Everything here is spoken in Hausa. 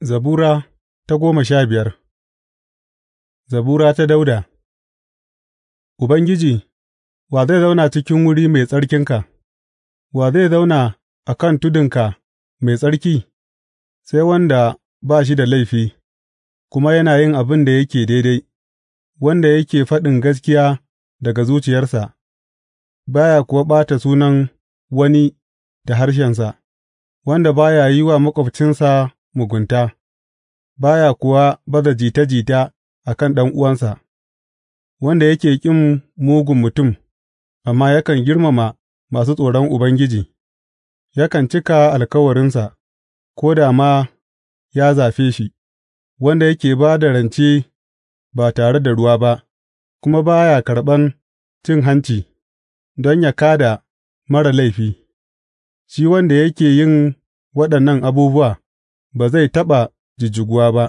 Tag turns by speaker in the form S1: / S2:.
S1: Zabura ta goma sha biyar Zabura ta Dauda Ubangiji, wa zai zauna cikin wuri mai tsarkinka, wa zai zauna a kan tudunka mai tsarki, sai wanda ba shi da laifi, kuma yana yin abin da yake daidai, wanda yake faɗin gaskiya daga zuciyarsa, baya kuwa ɓata sunan wani da harshensa, wanda baya ya yi wa maƙwabcinsa mugunta, ba ya kuwa baza jita jita a kan ɗan'uwansa, wanda yake ƙin mugun mutum, amma yakan girmama masu tsoron Ubangiji, yakan cika alkawarinsa, ko da ma ya zafe shi, wanda yake ba da rance ba tare da ruwa ba, kuma ba ya karɓan cin hanci don ya kada mara laifi, shi wanda yake yin waɗannan abubuwa ba zai
S2: taɓa jijjiguwa ba.